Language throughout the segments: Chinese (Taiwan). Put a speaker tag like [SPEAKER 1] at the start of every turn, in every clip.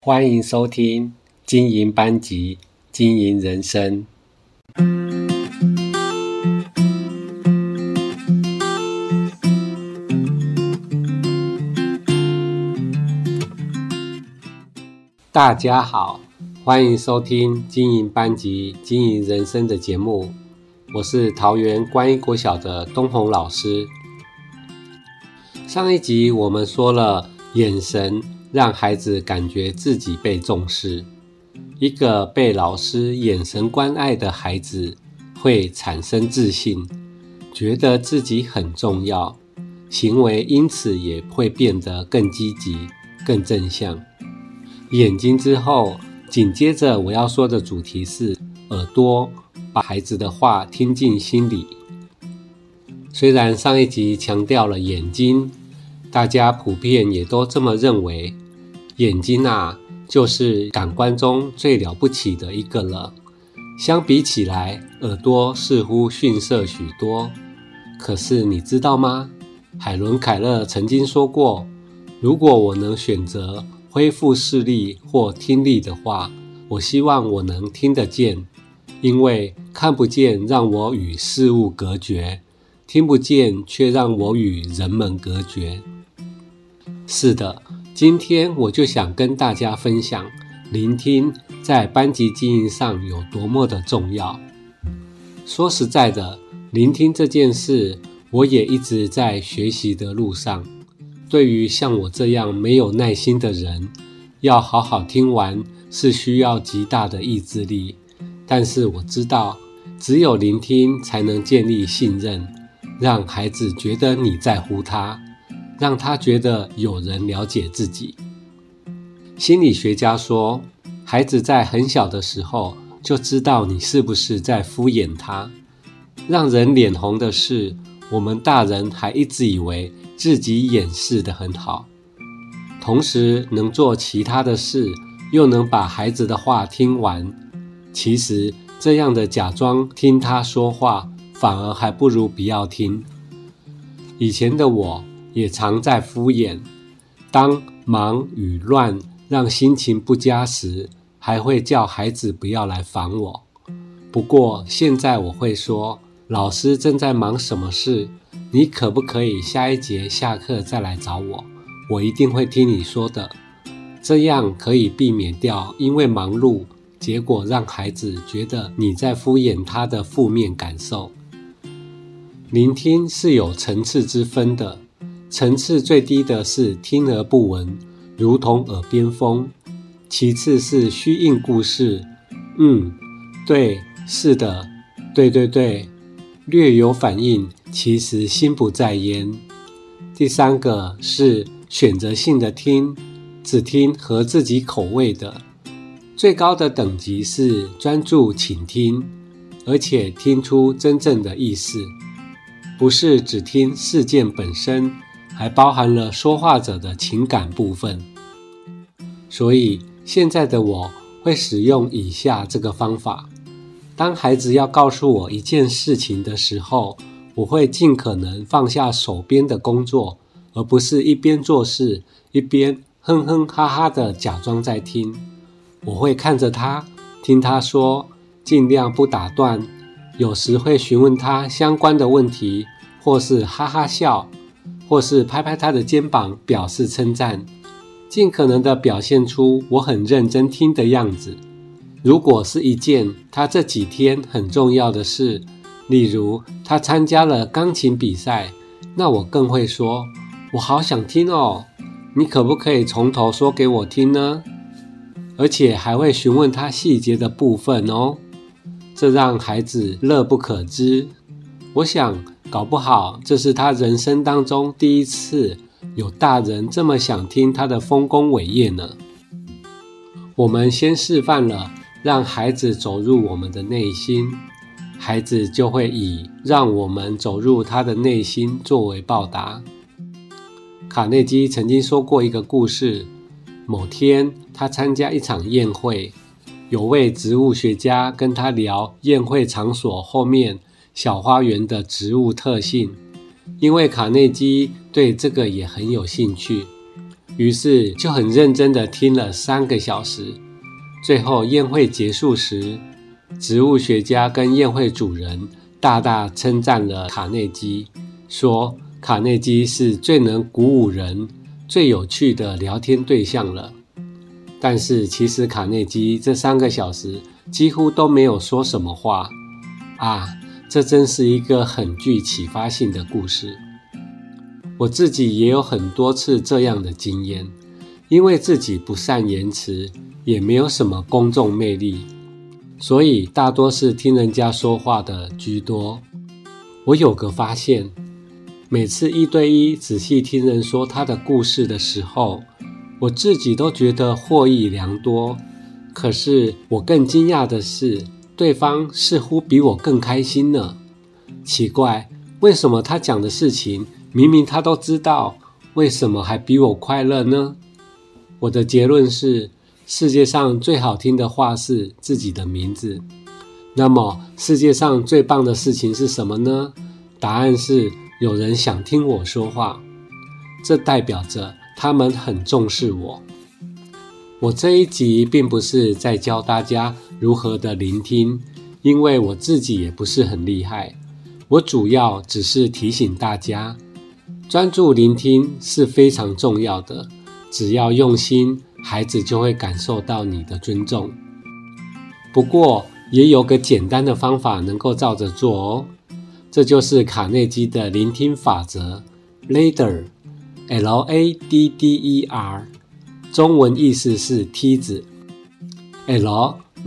[SPEAKER 1] 歡迎收聽《經營班級，經營人生》。大家好，歡迎收聽《經營班級，經營人生》的節目。我是桃園觀音國小的東紅老師。上一集我們說了眼神。讓孩子感覺自己被重視，一個被老師眼神關愛的孩子會產生自信，覺得自己很重要，行為因此也會變得更積極、更正向。眼睛之後，緊接着我要說的主題是耳朵，把孩子的話聽進心裡。雖然上一集強調了眼睛，大家普遍也都這麼認為，眼睛啊，就是感官中最了不起的一個了。相比起來，耳朵似乎遜色許多。可是你知道嗎？海倫·凱勒曾經說過：“如果我能選擇恢復視力或聽力的話，我希望我能聽得見，因為看不見讓我與事物隔絕，聽不見卻讓我與人們隔絕。”是的，今天我就想跟大家分享，聆聽在班級經營上有多麼的重要。說實在的，聆聽這件事，我也一直在學習的路上。對於像我這樣沒有耐心的人，要好好聽完是需要極大的意志力。但是我知道，只有聆聽才能建立信任，讓孩子覺得你在乎他。讓他覺得有人了解自己。心理學家說，孩子在很小的時候就知道你是不是在敷衍他。讓人臉紅的是，我們大人還一直以為自己掩飾得很好，同時能做其他的事，又能把孩子的話聽完。其實這樣的假裝聽他說話，反而還不如不要聽。以前的我，也常在敷衍。當忙與亂讓心情不佳時，還會叫孩子不要來煩我。不過現在我會說：“老師正在忙什麼事？你可不可以下一節下課再來找我？我一定會聽你說的。”這樣可以避免掉因為忙碌，結果讓孩子覺得你在敷衍他的負面感受。聆聽是有層次之分的。層次最低的是聽而不聞，如同耳邊風；其次是虛應故事，嗯，對，是的，對對對，略有反應，其實心不在焉。第三個是選擇性的聽，只聽合自己口味的。最高的等級是專注傾聽，而且聽出真正的意思，不是只聽事件本身。還包含了說話者的情感部分，所以現在的我會使用以下這個方法：當孩子要告訴我一件事情的時候，我會盡可能放下手邊的工作，而不是一邊做事一邊哼哼哈哈的假裝在聽。我會看着他，聽他說，盡量不打斷，有時會詢問他相關的問題，或是哈哈笑。或是拍拍他的肩膀表示稱讚，儘可能地表現出我很認真聽的樣子。如果是一件他這幾天很重要的事，例如他參加了鋼琴比賽，那我更會說：“我好想聽哦，你可不可以從頭說給我聽呢？”而且還會詢問他細節的部分哦，這讓孩子樂不可支。我想。搞不好這是他人生當中第一次有大人這麼想聽他的豐功偉業呢？我們先示範了讓孩子走入我們的內心，孩子就會以讓我們走入他的內心作為報答。卡內基曾經說過一個故事，某天他參加一場宴會，有位植物學家跟他聊宴會場所後面小花園的植物特性，因為卡內基對這個也很有興趣，於是就很認真地聽了三個小時。最後宴會結束時，植物學家跟宴會主人大大稱讚了卡內基，說卡內基是最能鼓舞人、最有趣的聊天對象了。但是其實卡內基這三個小時幾乎都沒有說什麼話啊。這真是一個很具啟發性的故事。我自己也有很多次這樣的經驗，因為自己不善言辭，也沒有什麼公眾魅力，所以大多是聽人家說話的居多。我有個發現，每次一對一仔細聽人說他的故事的時候，我自己都覺得獲益良多，可是我更驚訝的是，對方似乎比我更開心呢。奇怪，為什麼他講的事情明明他都知道，為什麼還比我快樂呢？我的結論是，世界上最好聽的話是自己的名字。那麼，世界上最棒的事情是什麼呢？答案是有人想聽我說話。這代表着他們很重視我。我這一集並不是在教大家。如何的聆聽？因為我自己也不是很厲害，我主要只是提醒大家，專注聆聽是非常重要的。只要用心，孩子就會感受到你的尊重。不過也有個簡單的方法能夠照着做哦，這就是卡內基的聆聽法則，Ladder，L A D D E R，中文意思是梯子，L。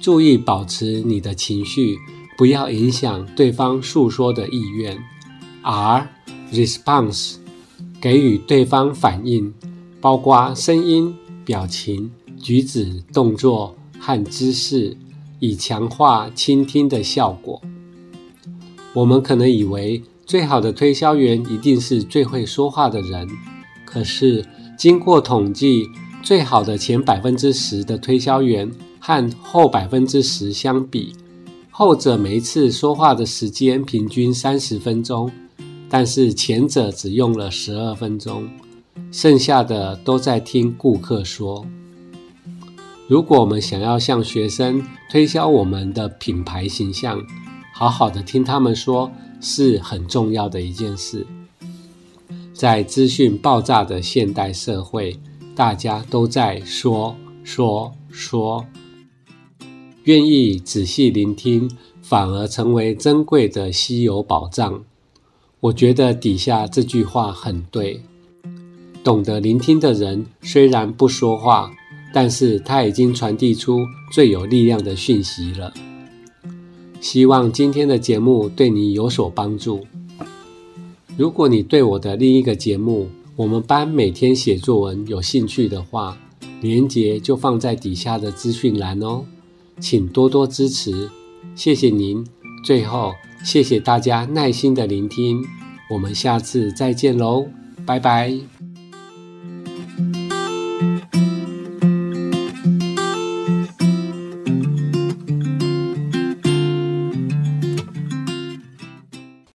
[SPEAKER 1] 注意保持你的情緒，不要影響對方訴說的意願。R，Response，給予對方反應，包括聲音、表情、舉止、動作和姿勢，以強化傾聽的效果。我們可能以為最好的推銷員一定是最會說話的人，可是經過統計，最好的前百分之十的推銷員。和後百分之十相比，後者每次說話的時間平均三十分鐘，但是前者只用了十二分鐘，剩下的都在聽顧客說。如果我們想要向學生推銷我們的品牌形象，好好的聽他們說是很重要的一件事。在資訊爆炸的現代社會，大家都在說說說。說願意仔細聆聽，反而成為珍貴的稀有寶藏。我覺得底下這句話很對。懂得聆聽的人，雖然不說話，但是他已經傳遞出最有力量的訊息了。希望今天的節目對你有所幫助。如果你對我的另一個節目《我們班每天寫作文》有興趣的話，連結就放在底下的資訊欄哦。請多多支持，謝謝您。最後，謝謝大家耐心的聆聽。我們下次再見嘍，拜拜。